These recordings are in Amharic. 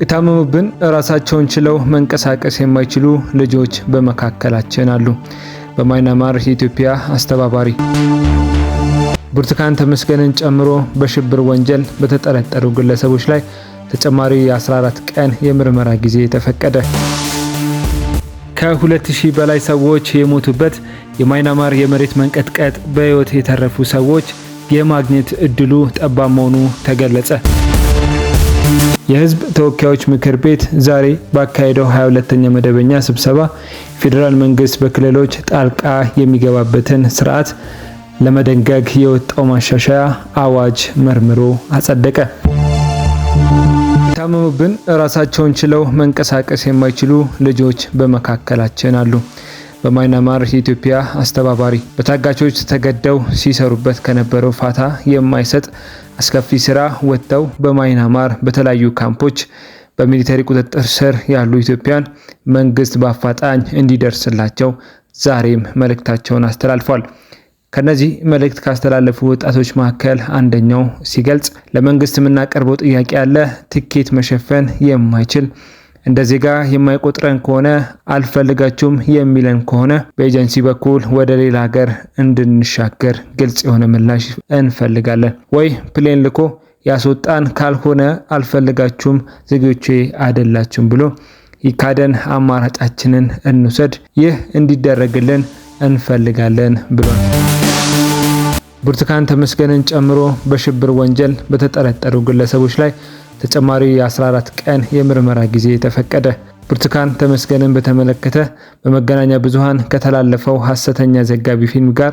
የታመሙብን ራሳቸውን ችለው መንቀሳቀስ የማይችሉ ልጆች በመካከላችን አሉ። በማይናማር የኢትዮጵያ አስተባባሪ ብርቱካን ተመስገንን ጨምሮ በሽብር ወንጀል በተጠረጠሩ ግለሰቦች ላይ ተጨማሪ የ14 ቀን የምርመራ ጊዜ ተፈቀደ። ከ2000 በላይ ሰዎች የሞቱበት የማይናማር የመሬት መንቀጥቀጥ በሕይወት የተረፉ ሰዎች የማግኘት እድሉ ጠባብ መሆኑ ተገለጸ። የህዝብ ተወካዮች ምክር ቤት ዛሬ ባካሄደው 22ኛ መደበኛ ስብሰባ ፌዴራል መንግስት በክልሎች ጣልቃ የሚገባበትን ስርዓት ለመደንገግ የወጣው ማሻሻያ አዋጅ መርምሮ አጸደቀ። ታመሙብን ራሳቸውን ችለው መንቀሳቀስ የማይችሉ ልጆች በመካከላችን አሉ። በማይናማር የኢትዮጵያ አስተባባሪ በታጋቾች ተገደው ሲሰሩበት ከነበረው ፋታ የማይሰጥ አስከፊ ስራ ወጥተው በማይናማር በተለያዩ ካምፖች በሚሊተሪ ቁጥጥር ስር ያሉ ኢትዮጵያን መንግስት በአፋጣኝ እንዲደርስላቸው ዛሬም መልእክታቸውን አስተላልፏል። ከነዚህ መልእክት ካስተላለፉ ወጣቶች መካከል አንደኛው ሲገልጽ ለመንግስት የምናቀርበው ጥያቄ ያለ ትኬት መሸፈን የማይችል እንደ ዜጋ የማይቆጥረን ከሆነ አልፈልጋችሁም የሚለን ከሆነ በኤጀንሲ በኩል ወደ ሌላ ሀገር እንድንሻገር ግልጽ የሆነ ምላሽ እንፈልጋለን። ወይ ፕሌን ልኮ ያስወጣን ካልሆነ አልፈልጋችሁም፣ ዜጎቼ አይደላችሁም ብሎ ይካደን፣ አማራጫችንን እንውሰድ፣ ይህ እንዲደረግልን እንፈልጋለን ብሏል። ብርቱካን ተመስገንን ጨምሮ በሽብር ወንጀል በተጠረጠሩ ግለሰቦች ላይ ተጨማሪ የ14 ቀን የምርመራ ጊዜ ተፈቀደ። ብርቱካን ተመስገንን በተመለከተ በመገናኛ ብዙኃን ከተላለፈው ሐሰተኛ ዘጋቢ ፊልም ጋር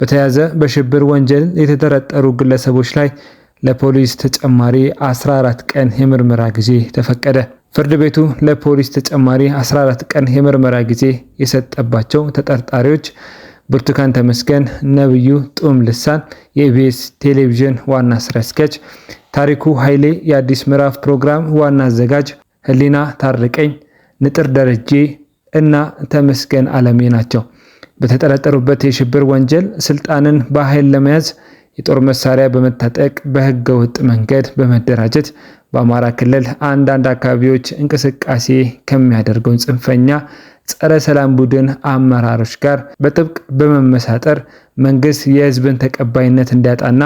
በተያያዘ በሽብር ወንጀል የተጠረጠሩ ግለሰቦች ላይ ለፖሊስ ተጨማሪ 14 ቀን የምርመራ ጊዜ ተፈቀደ። ፍርድ ቤቱ ለፖሊስ ተጨማሪ 14 ቀን የምርመራ ጊዜ የሰጠባቸው ተጠርጣሪዎች ብርቱካን ተመስገን፣ ነብዩ ጡም ልሳን፣ የኢቢኤስ ቴሌቪዥን ዋና ስራ አስኪያጅ፣ ታሪኩ ኃይሌ፣ የአዲስ ምዕራፍ ፕሮግራም ዋና አዘጋጅ ህሊና ታርቀኝ፣ ንጥር ደረጄ እና ተመስገን አለሜ ናቸው። በተጠረጠሩበት የሽብር ወንጀል ስልጣንን በኃይል ለመያዝ የጦር መሳሪያ በመታጠቅ በህገ ወጥ መንገድ በመደራጀት በአማራ ክልል አንዳንድ አካባቢዎች እንቅስቃሴ ከሚያደርገውን ጽንፈኛ ጸረ ሰላም ቡድን አመራሮች ጋር በጥብቅ በመመሳጠር መንግስት የህዝብን ተቀባይነት እንዲያጣና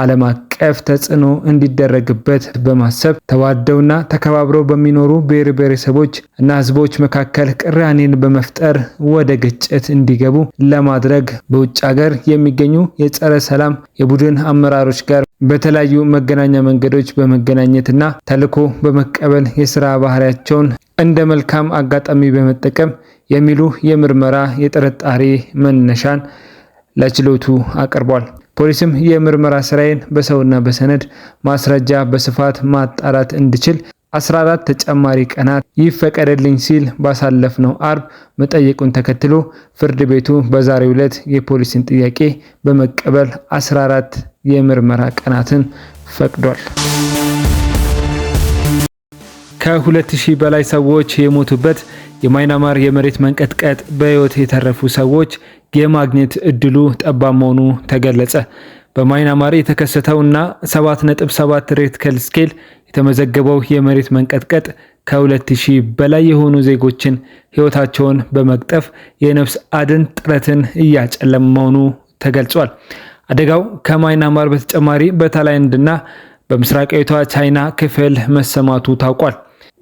ዓለም አቀፍ ተጽዕኖ እንዲደረግበት በማሰብ ተዋደውና ተከባብረው በሚኖሩ ብሔር ብሔረሰቦች እና ህዝቦች መካከል ቅራኔን በመፍጠር ወደ ግጭት እንዲገቡ ለማድረግ በውጭ ሀገር የሚገኙ የጸረ ሰላም የቡድን አመራሮች ጋር በተለያዩ መገናኛ መንገዶች በመገናኘትና ተልዕኮ በመቀበል የስራ ባህሪያቸውን እንደ መልካም አጋጣሚ በመጠቀም የሚሉ የምርመራ የጥርጣሬ መነሻን ለችሎቱ አቅርቧል። ፖሊስም የምርመራ ስራዬን በሰውና በሰነድ ማስረጃ በስፋት ማጣራት እንድችል 14 ተጨማሪ ቀናት ይፈቀደልኝ ሲል ባሳለፍነው አርብ መጠየቁን ተከትሎ ፍርድ ቤቱ በዛሬው ዕለት የፖሊስን ጥያቄ በመቀበል 14 የምርመራ ቀናትን ፈቅዷል። ከ2000 በላይ ሰዎች የሞቱበት የማይናማር የመሬት መንቀጥቀጥ በህይወት የተረፉ ሰዎች የማግኘት እድሉ ጠባብ መሆኑ ተገለጸ። በማይናማር የተከሰተውና 7.7 ሬክተር ስኬል የተመዘገበው የመሬት መንቀጥቀጥ ከ2000 በላይ የሆኑ ዜጎችን ህይወታቸውን በመቅጠፍ የነፍስ አድን ጥረትን እያጨለም መሆኑ ተገልጿል። አደጋው ከማይናማር በተጨማሪ በታይላንድና በምስራቃዊቷ ቻይና ክፍል መሰማቱ ታውቋል።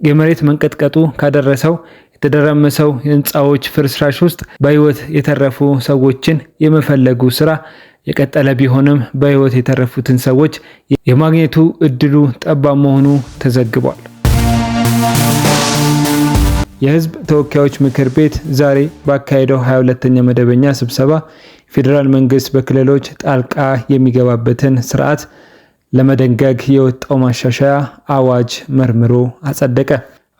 የመሬት መንቀጥቀጡ ካደረሰው የተደረመሰው የህንፃዎች ፍርስራሽ ውስጥ በህይወት የተረፉ ሰዎችን የመፈለጉ ስራ የቀጠለ ቢሆንም በህይወት የተረፉትን ሰዎች የማግኘቱ እድሉ ጠባብ መሆኑ ተዘግቧል። የህዝብ ተወካዮች ምክር ቤት ዛሬ ባካሄደው 22ኛ መደበኛ ስብሰባ ፌዴራል መንግስት በክልሎች ጣልቃ የሚገባበትን ስርዓት ለመደንገግ የወጣው ማሻሻያ አዋጅ መርምሮ አጸደቀ።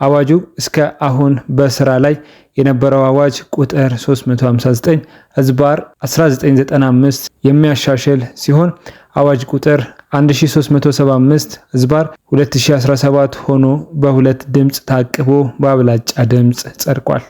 አዋጁ እስከ አሁን በስራ ላይ የነበረው አዋጅ ቁጥር 359 ህዝባር 1995 የሚያሻሽል ሲሆን አዋጅ ቁጥር 1375 ህዝባር 2017 ሆኖ በሁለት ድምፅ ታቅቦ በአብላጫ ድምፅ ጸድቋል።